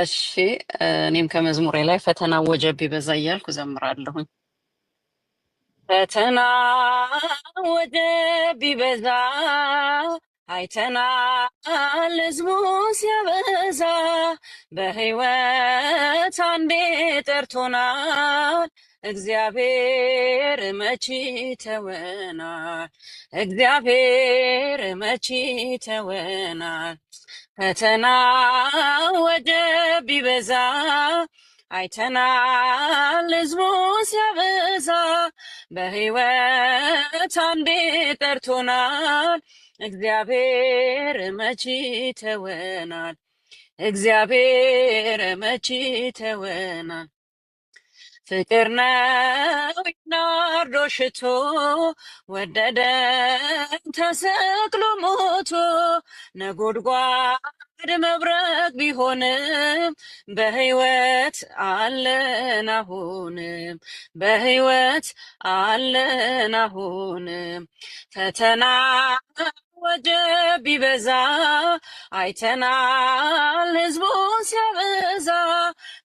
እሺ እኔም ከመዝሙሬ ላይ ፈተና ወጀብ ይበዛ እያልኩ ዘምራለሁኝ። ፈተና ወጀብ ይበዛ አይተናል ሕዝቡን ሲያበዛ በህይወት አንዴ ጠርቶናል እግዚአብሔር መቼ ተወናል? እግዚአብሔር መቼ ተወናል? ፈተና ወደ ቢበዛ አይተናል ህዝቡ ሲያበዛ። በህይወት አንዴ ጠርቶናል። እግዚአብሔር መቼ ተወናል? እግዚአብሔር መቼ ተወናል? ፍቅር ነው ናርዶ ሽቶ ወደደን ተሰቅሎ ሞቶ ነጎድጓድ መብረቅ ቢሆንም በህይወት አለን አሁንም በህይወት አለን አሁንም ፈተና ወጀብ ቢበዛ አይተናል ህዝቡን ሲያበዛ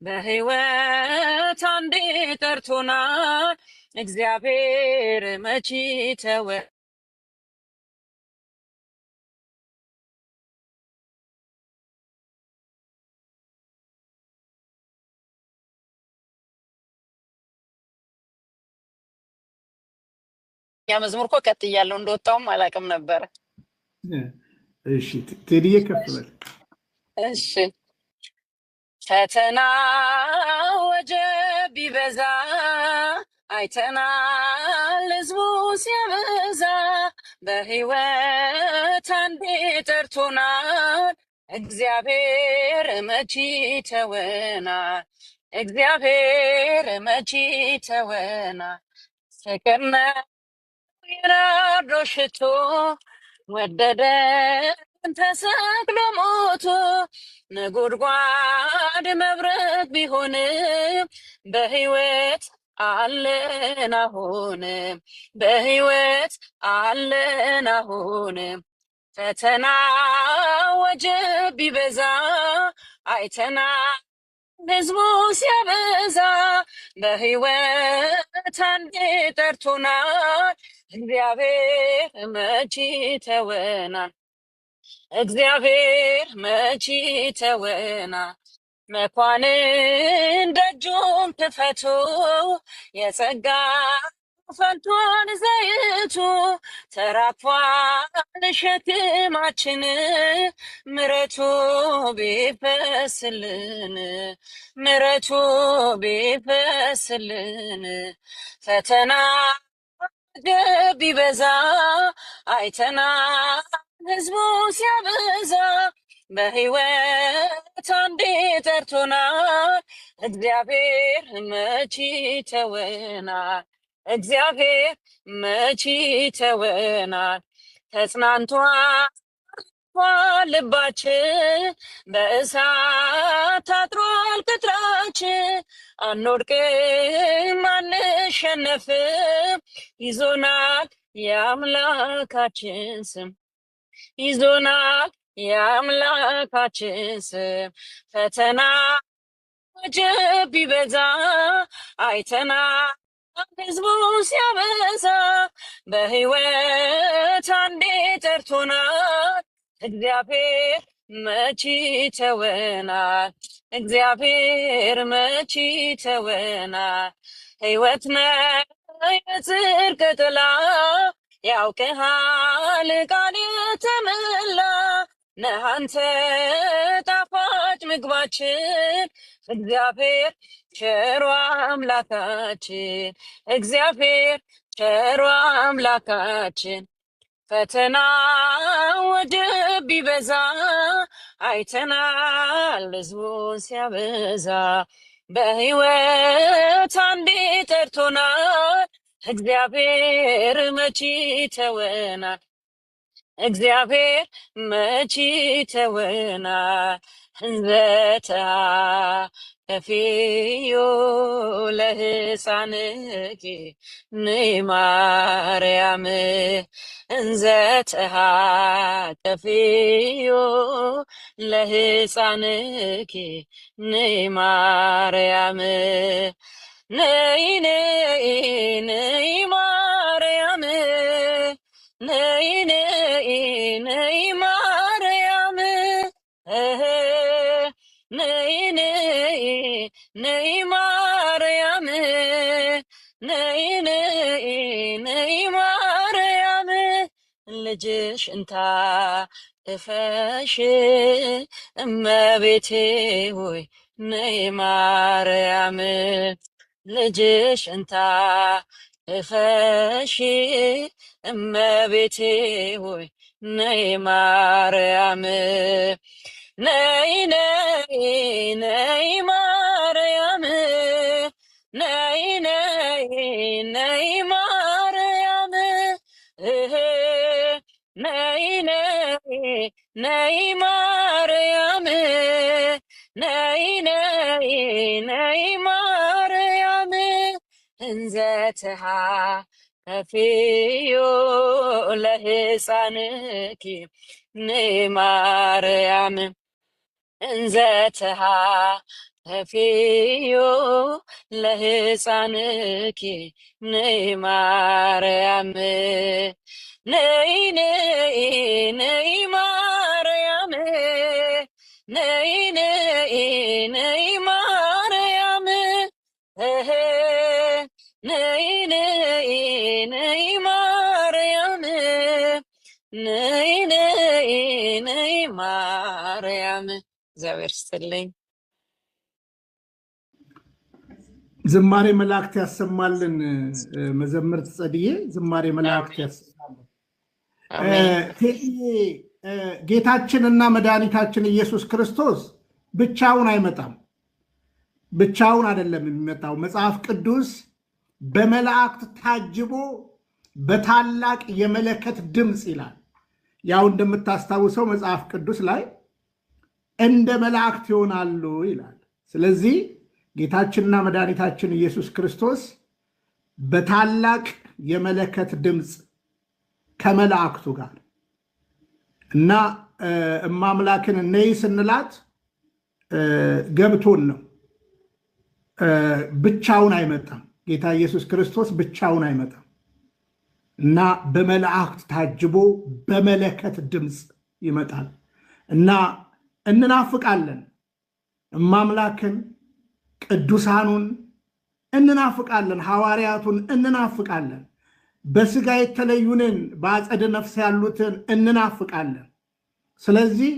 በህይወት አንዴ ጠርቶናል እግዚአብሔር መቼ ተወ ያ መዝሙር እኮ ቀጥ ቀጥያለሁ እንደወጣውም አላውቅም ነበረ። እሺ ቴዲዬ ከፍበል። እሺ ፈተና ወጀብ ይበዛ አይተናል ህዝቡን ሲያበዛ። በህይወት አንዴ ጠርቶናል እግዚአብሔር መቼ ተወናል? እግዚአብሔር መቼ ተወናል? ፍቅር ነው ሽቶ ወደደ ተሰቅሎ ሞቶ ነጎድጓድ መብረቅ ቢሆን በህይወት አለን አሁን በህይወት አለን አሁን ፈተና ወጀብ ቢበዛ አይተና ህዝቡ ሲያበዛ በህይወት አንዴ ጠርቶናል እግዚአብሔር መቼ ተወናል። እግዚአብሔር መቼ ተወና መኳንን ደጁን ክፈቱ የጸጋ ፈልቶን ዘይቱ ተራፏል ሸክማችን ምረቱ ቢፈስልን ምረቱ ቢፈስልን ፈተና ቢበዛ አይተና ህዝቡ ሲያበዛ በህይወት አንዴ ጠርቶና። እግዚአብሔር መቼ ተወና እግዚአብሔር መቼ ተወናል? ተጽናንቷ ልባች በእሳት ታጥሯል ቅጥራችን። አንወድቅም፣ አንሸነፍም፣ ይዞናል የአምላካችን ስም ይዞናል የአምላካችን ስም ፈተና ወጀብ ቢበዛ አይተና ህዝቡን ሲያበዛ በህይወት አንዴ ጠርቶናል። እግዚአብሔር መቼ ተወናል? እግዚአብሔር መቼ ተወናል? ህይወት ነው የጽድቅ ጥላ ያውቅሃል ቃል የተመላ ነህ አንተ ጣፋጭ ምግባችን እግዚአብሔር ቸሮ አምላካችን እግዚአብሔር ቸሮ አምላካችን ፈተና ወደ ቢበዛ አይተናል ሕዝቡን ሲያበዛ በህይወት አንዴ ጠርቶናል እግዚአብሔር መቼ ተወናል? እግዚአብሔር መቼ ተወናል? እንዘታ ከፊዮ ለህፃንኪ ንይ ማርያም ከፊዮ ለህፃንኪ ንይ ማርያም ነይ ነይ ነይ ማርያም ነይ ነይ ነይ ማርያም ነይ ነይ ነይ ማርያም ነይ ነይ ነይ ማርያም ልጅሽ እንታ እፈሽ እመቤቴ ሆይ ነይ ማርያም ልጅሽ እንታ እፈሺ እመቤቴ ሆይ ነይ ማርያም ነይ ነይ ነይ ማርያም ነይ ነይ ነይ ማርያም ነይ ነይ ነይ ማርያም ነይ ነይ እንዘትሃ ከፊዩ ለህፃንኪ ንማርያም እንዘትሃ ከፊዩ ለህፃንኪ ንማርያም ነይ ነይ ነይ ማርያም ማርያም ነይ ነይ ነይ ማርያም ነይ ነይ ነይ ማርያም። እግዚአብሔር ይስጥልኝ። ዝማሬ መላእክት ያሰማልን። መዘምርት ጸድዬ ዝማሬ መላእክት ያሰማልን። ጌታችንና መድኃኒታችን ኢየሱስ ክርስቶስ ብቻውን አይመጣም። ብቻውን አይደለም የሚመጣው። መጽሐፍ ቅዱስ በመላእክት ታጅቦ በታላቅ የመለከት ድምፅ ይላል። ያው እንደምታስታውሰው መጽሐፍ ቅዱስ ላይ እንደ መላእክት ይሆናሉ ይላል። ስለዚህ ጌታችንና መድኃኒታችን ኢየሱስ ክርስቶስ በታላቅ የመለከት ድምፅ ከመላእክቱ ጋር እና እማምላክን ነይ ስንላት ገብቶን ነው። ብቻውን አይመጣም። ጌታ ኢየሱስ ክርስቶስ ብቻውን አይመጣም እና በመላእክት ታጅቦ በመለከት ድምፅ ይመጣል እና እንናፍቃለን። እማምላክን ቅዱሳኑን እንናፍቃለን፣ ሐዋርያቱን እንናፍቃለን። በስጋ የተለዩንን በአጸደ ነፍስ ያሉትን እንናፍቃለን። ስለዚህ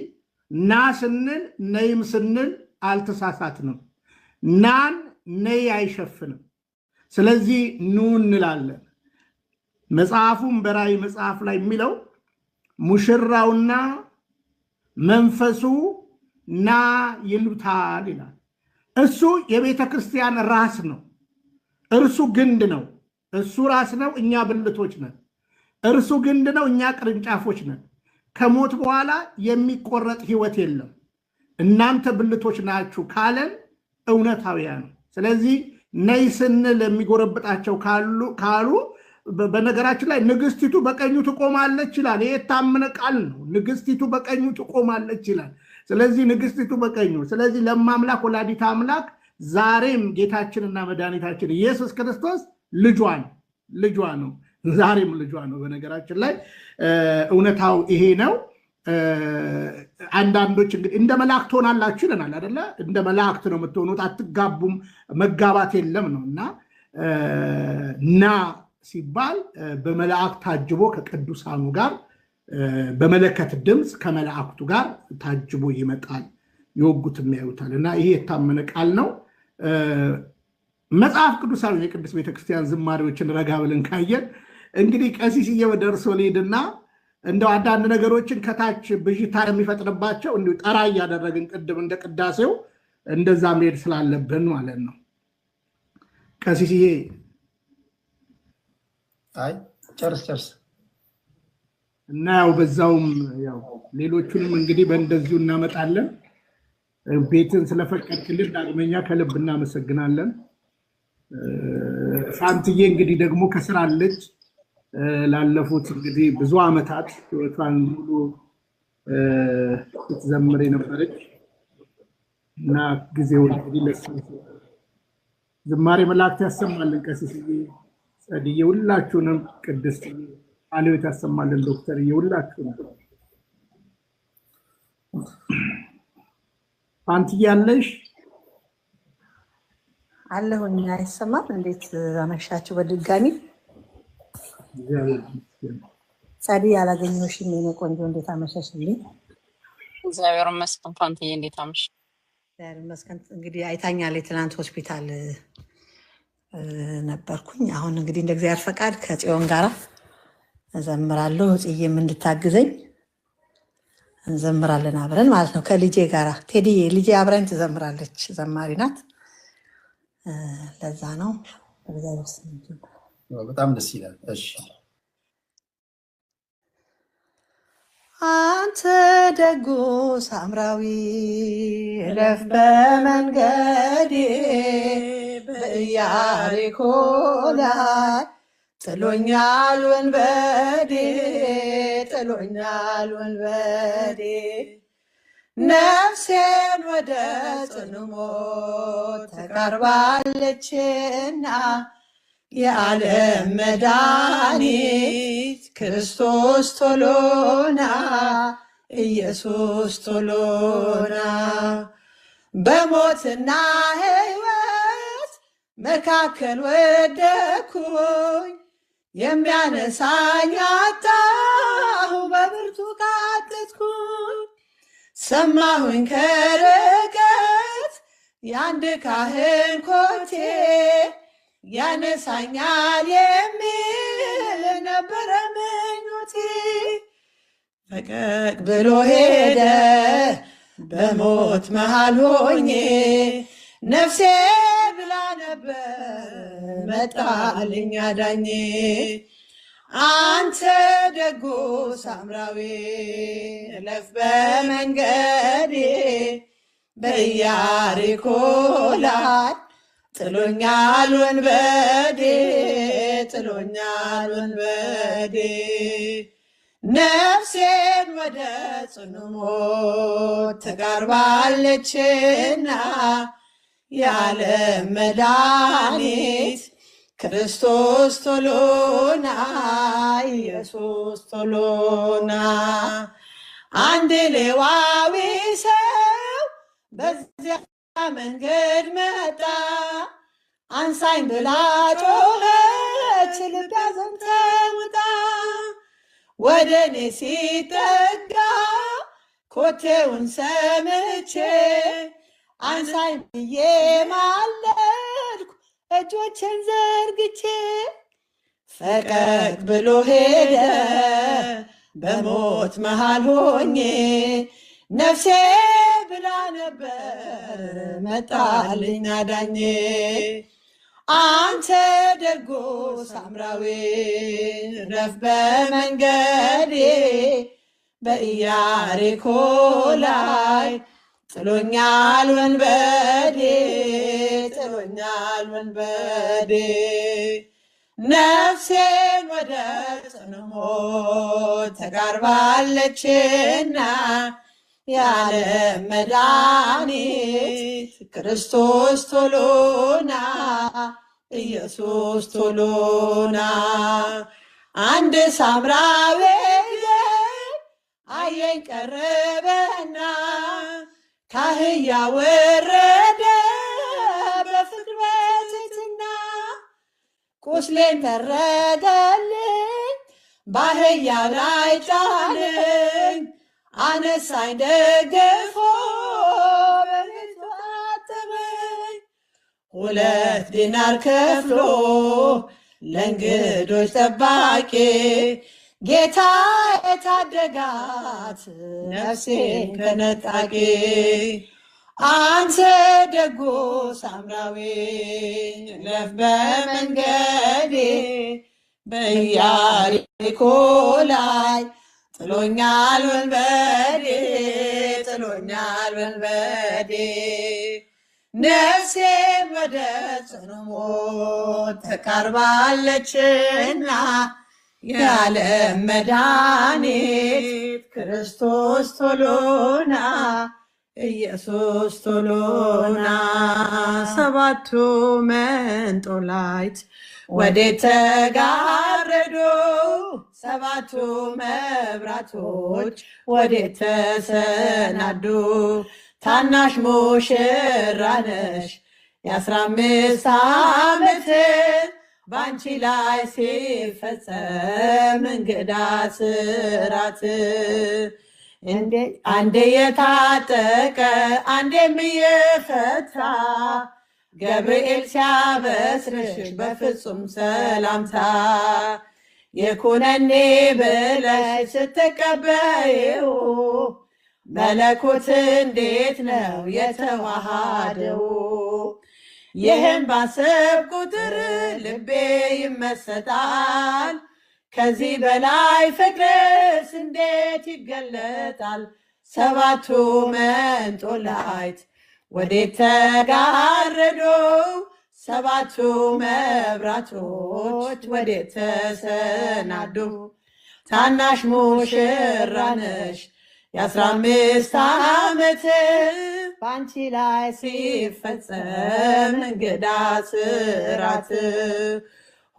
ና ስንል ነይም ስንል አልተሳሳትንም። ናን ነይ አይሸፍንም። ስለዚህ ኑ እንላለን። መጽሐፉም በራእይ መጽሐፍ ላይ የሚለው ሙሽራውና መንፈሱ ና ይሉታል ይላል። እሱ የቤተ ክርስቲያን ራስ ነው። እርሱ ግንድ ነው። እሱ ራስ ነው፣ እኛ ብልቶች ነን። እርሱ ግንድ ነው፣ እኛ ቅርንጫፎች ነን። ከሞት በኋላ የሚቆረጥ ህይወት የለም። እናንተ ብልቶች ናችሁ ካለን እውነታውያ ነው። ስለዚህ ነይ ስንል የሚጎረብጣቸው ካሉ በነገራችን ላይ ንግስቲቱ በቀኙ ትቆማለች ይላል። ይሄ የታመነ ቃል ነው። ንግስቲቱ በቀኙ ትቆማለች ይላል። ስለዚህ ንግስቲቱ በቀኙ ስለዚህ ለማምላክ ወላዲት አምላክ ዛሬም ጌታችንና መድኃኒታችን ኢየሱስ ክርስቶስ ልጇን ልጇ ነው። ዛሬም ልጇ ነው። በነገራችን ላይ እውነታው ይሄ ነው። አንዳንዶች እንግዲህ እንደ መላእክት ሆናላችሁ ይለናል አደለ? እንደ መላእክት ነው የምትሆኑት፣ አትጋቡም፣ መጋባት የለም ነው እና ና ሲባል በመላእክት ታጅቦ ከቅዱሳኑ ጋር በመለከት ድምፅ ከመላእክቱ ጋር ታጅቦ ይመጣል፣ የወጉት የሚያዩታል እና ይሄ የታመነ ቃል ነው። መጽሐፍ ቅዱሳዊ የቅዱስ ቤተክርስቲያን ዝማሪዎችን ረጋ ብለን ካየን እንግዲህ ቀሲስዬ ወደ እርሶ ልሂድና እንደው አንዳንድ ነገሮችን ከታች ብዥታ የሚፈጥርባቸው እንዲሁ ጠራ እያደረግን ቅድም እንደ ቅዳሴው እንደዛ መሄድ ስላለብን ማለት ነው። ቀሲስዬ አይ ጨርስ ጨርስ እና ያው በዛውም ያው ሌሎቹንም እንግዲህ በእንደዚሁ እናመጣለን። ቤትን ስለፈቀድክልን ዳግመኛ ከልብ እናመሰግናለን። ሳንትዬ እንግዲህ ደግሞ ከስራለች ላለፉት እንግዲህ ብዙ ዓመታት ህይወቷን ሙሉ ስትዘምር የነበረች እና ጊዜው እንግዲህ ለሱ ዝማሬ መላእክት ያሰማልን። ቀሲስ ጸድዬ ሁላችሁንም፣ ቅድስት አሌዎት ያሰማልን። ዶክተር ሁላችሁንም አንት ያለሽ አለሁኝ። አይሰማም? እንዴት አመሻችሁ በድጋሚ ጸዲ ያላገኘሁሽም የእኔ ቆንጆ እንዴት አመሸሽልኝ? እግዚአብሔር ይመስገን። ፋንትዬ እንዴት አመሽ? እግዚአብሔር ይመስገን። እንግዲህ አይታኛለች። ትናንት ሆስፒታል ነበርኩኝ። አሁን እንግዲህ እንደ እግዚአብሔር ፈቃድ ከጽዮን ጋራ እዘምራለሁ። ጽዬም እንድታግዘኝ እንዘምራለን አብረን ማለት ነው። ከልጄ ጋራ ቴዲ ልጄ አብረን ትዘምራለች። ዘማሪ ናት። ለዛ ነው እግዚአብሔር በጣም ደስ ይላል። እሺ አንተ ደጎ ሳምራዊ እለፍ በመንገዴ በኢያሪኮ ላይ ጥሎኛል ወንበዴ ጥሎኛል ወንበዴ ነፍሴን ወደ ጽኑ ሞት ተቃርባለችና የዓለም መድኃኒት ክርስቶስ ቶሎና ኢየሱስ ቶሎና በሞትና ሕይወት መካከል ወደኩኝ የሚያነሳኝ አጣሁ በብርቱ ቃተትኩኝ ሰማሁኝ ከርቀት የአንድ ካህን ኮቴ ያነሳኛል የሚል ነበረ ምኞቴ። ፈቀቅ ብሎ ሄደ በሞት መሃል ሆኜ ነፍሴ ብላ ነበር መጣልኝ አዳኜ። አንተ ደጉ ሳምራዊ እለፍ በመንገዴ በኢያሪኮ ላይ ጥሎኛል ወንበዴ ጥሎኛል ወንበዴ ነፍሴን ወደ ጽኑ ሞት ተቃርባለችና ያለ መድኃኒት ክርስቶስ ቶሎና ኢየሱስ ቶሎና አንድ ሌዋዊ ሰው በዚያ መንገድ መጣ አንሳኝ ብላ ጮኸች፣ ልቤ ሐዘን ወደ እኔ ሲጠጋ ኮቴውን ሰምቼ አንሳኝ ብዬ ማለድኩ እጆቼን ዘርግቼ ፈቀቅ ብሎ ሄደ በሞት መሃል ሆኜ ነፍሴ ብላ ነበር መጣልኝ አዳኜ አንተ ደጎ ሳምራዊ ረፍ በመንገዴ በኢያሪኮ ላይ ጥሎኛል ወንበዴ ጥሎኛል ወንበዴ ነፍሴን ወደ ጽንሞ ተጋርባለችና ያለ መድኃኒት ክርስቶስ ቶሎና ኢየሱስ ቶሎና አንድ ሳምራዊ አየኝ ቀረበና ካህያ ወረደ በፍቅር በትሕትና ቁስሌን ተረደልኝ ባህያ ላይ ጫነኝ አነሳኝ ደግፎ ሁለት ዲናር ከፍሎ ለእንግዶች ጠባቂ ጌታ የታደጋት ነፍሴን ከነጣቂ አንተ ደጉ ሳምራዊ ለፍ በመንገዴ በኢያሪኮ ላይ ጥሎኛል ወንበዴ ጥሎኛል ወንበዴ ነፍሴ ወደ ጽኑ ሞት ተቃርባለችና መድኃኒት ክርስቶስ ቶሎና ኢየሱስ ቶሎና ሰባቱ መንጦላይት ወዴት ተጋረዱ? ሰባቱ መብራቶች ወዴት ተሰናዱ? ታናሽ ሙሽራነሽ የአስራ አምስት ዓመት በአንቺ ላይ ሲፈጸም እንግዳ ስራት አንዴ የታጠቀ አንዴም የፈታ ገብርኤል ሲያበስርሽ በፍጹም ሰላምታ የኩነኔ ብለሽ ስትቀበይው መለኮት እንዴት ነው የተዋሃደው? ይህም ባሰብ ቁጥር ልቤ ይመሰጣል። ከዚህ በላይ ፍቅርስ እንዴት ይገለጣል? ሰባቱ መንጦላይት ወዴት ተጋረዱ? ሰባቱ መብራቶች ወዴት ተሰናዱ? ታናሽ ሙሽራነሽ ነሽ የአስራ አምስት ዓመት በአንቺ ላይ ሲፈጸም እንግዳ ስራት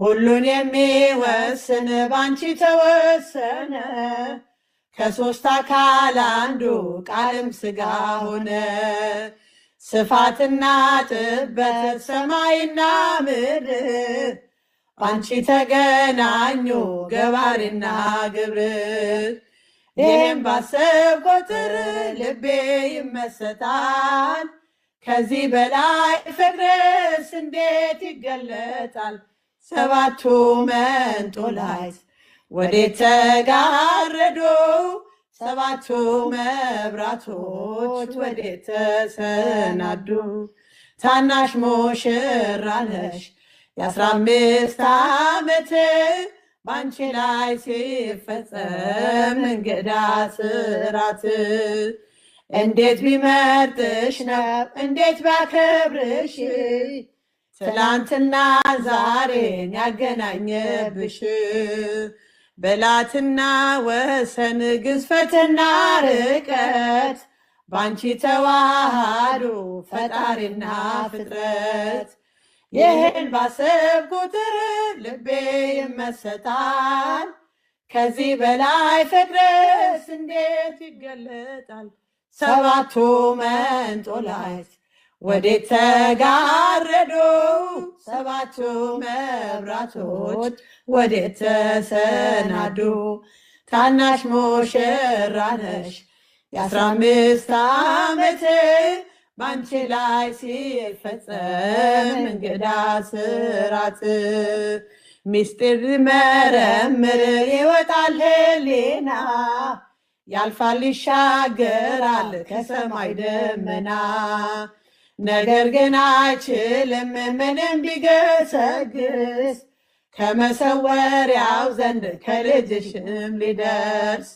ሁሉን የሚወስን ባንቺ ተወሰነ። ከሶስት አካል አንዱ ቃልም ስጋ ሆነ። ስፋትና ጥበት ሰማይና ምድር ባንቺ ተገናኙ ገባሪና ግብር። ይህም ባሰብ ቁጥር ልቤ ይመሰጣል። ከዚህ በላይ ፍቅርስ እንዴት ይገለጣል? ሰባቱ መንጦላይት ወዴት ተጋረዱ? ሰባቱ መብራቶች ወዴት ተሰናዱ? ታናሽ ሞሽራለሽ የአስራ አምስት ዓመት ባንቺ ላይ ሲፈጸም እንግዳ ስራት እንዴት ቢመርጥሽ ነው እንዴት ቢያከብርሽ ትላንትና ዛሬን ያገናኘብሽ በላትና ወሰን ግዝፈትና ርቀት ባንቺ ተዋሃዱ ፈጣሪና ፍጥረት ይህን ባሰብ ቁጥር ልቤ ይመሰጣል። ከዚህ በላይ ፍቅርስ እንዴት ይገለጣል? ሰባቱ መንጦላይት ወዴት ተጋረዱ ሰባቱ መብራቶች? ወዴት ተሰናዱ? ታናሽ ሙሽራ ነሽ የአስራ አምስት ዓመት በአንቺ ላይ ሲፈጸም እንግዳ ስራት ሚስጢር መረምር ይወጣል ህሊና ያልፋል ይሻገራል ከሰማይ ደመና ነገር ግን አይችልም ምንም ቢገሰግስ ከመሰወሪያው ዘንድ ከልጅሽም ሊደርስ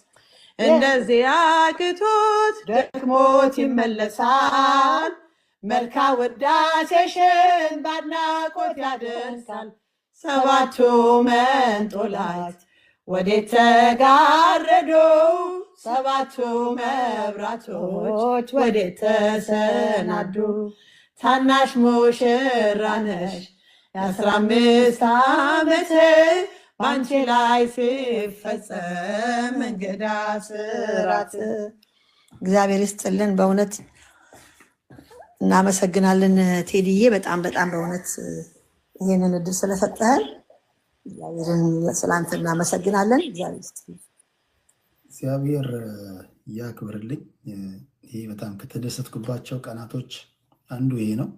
እንደዚህ አቅቶት ደክሞት ይመለሳል። መልካ ውዳሴሽን ባድናቆት ያደርሳል። ሰባቱ መንጦላት ወዴት ተጋረዱ ሰባቱ መብራቶች ወዴት ተሰናዱ? ታናሽ ሙሽራ ነሽ የአስራ አምስት ዓመት በአንቺ ላይ ሲፈጸም እንግዳ ስራት። እግዚአብሔር ይስጥልን። በእውነት እናመሰግናለን ቴዲዬ፣ በጣም በጣም በእውነት ይህንን እድል ስለሰጠህን ስላንተ እናመሰግናለን። እግዚአብሔር ያክብርልኝ። ይህ በጣም ከተደሰትኩባቸው ቀናቶች አንዱ ይሄ ነው።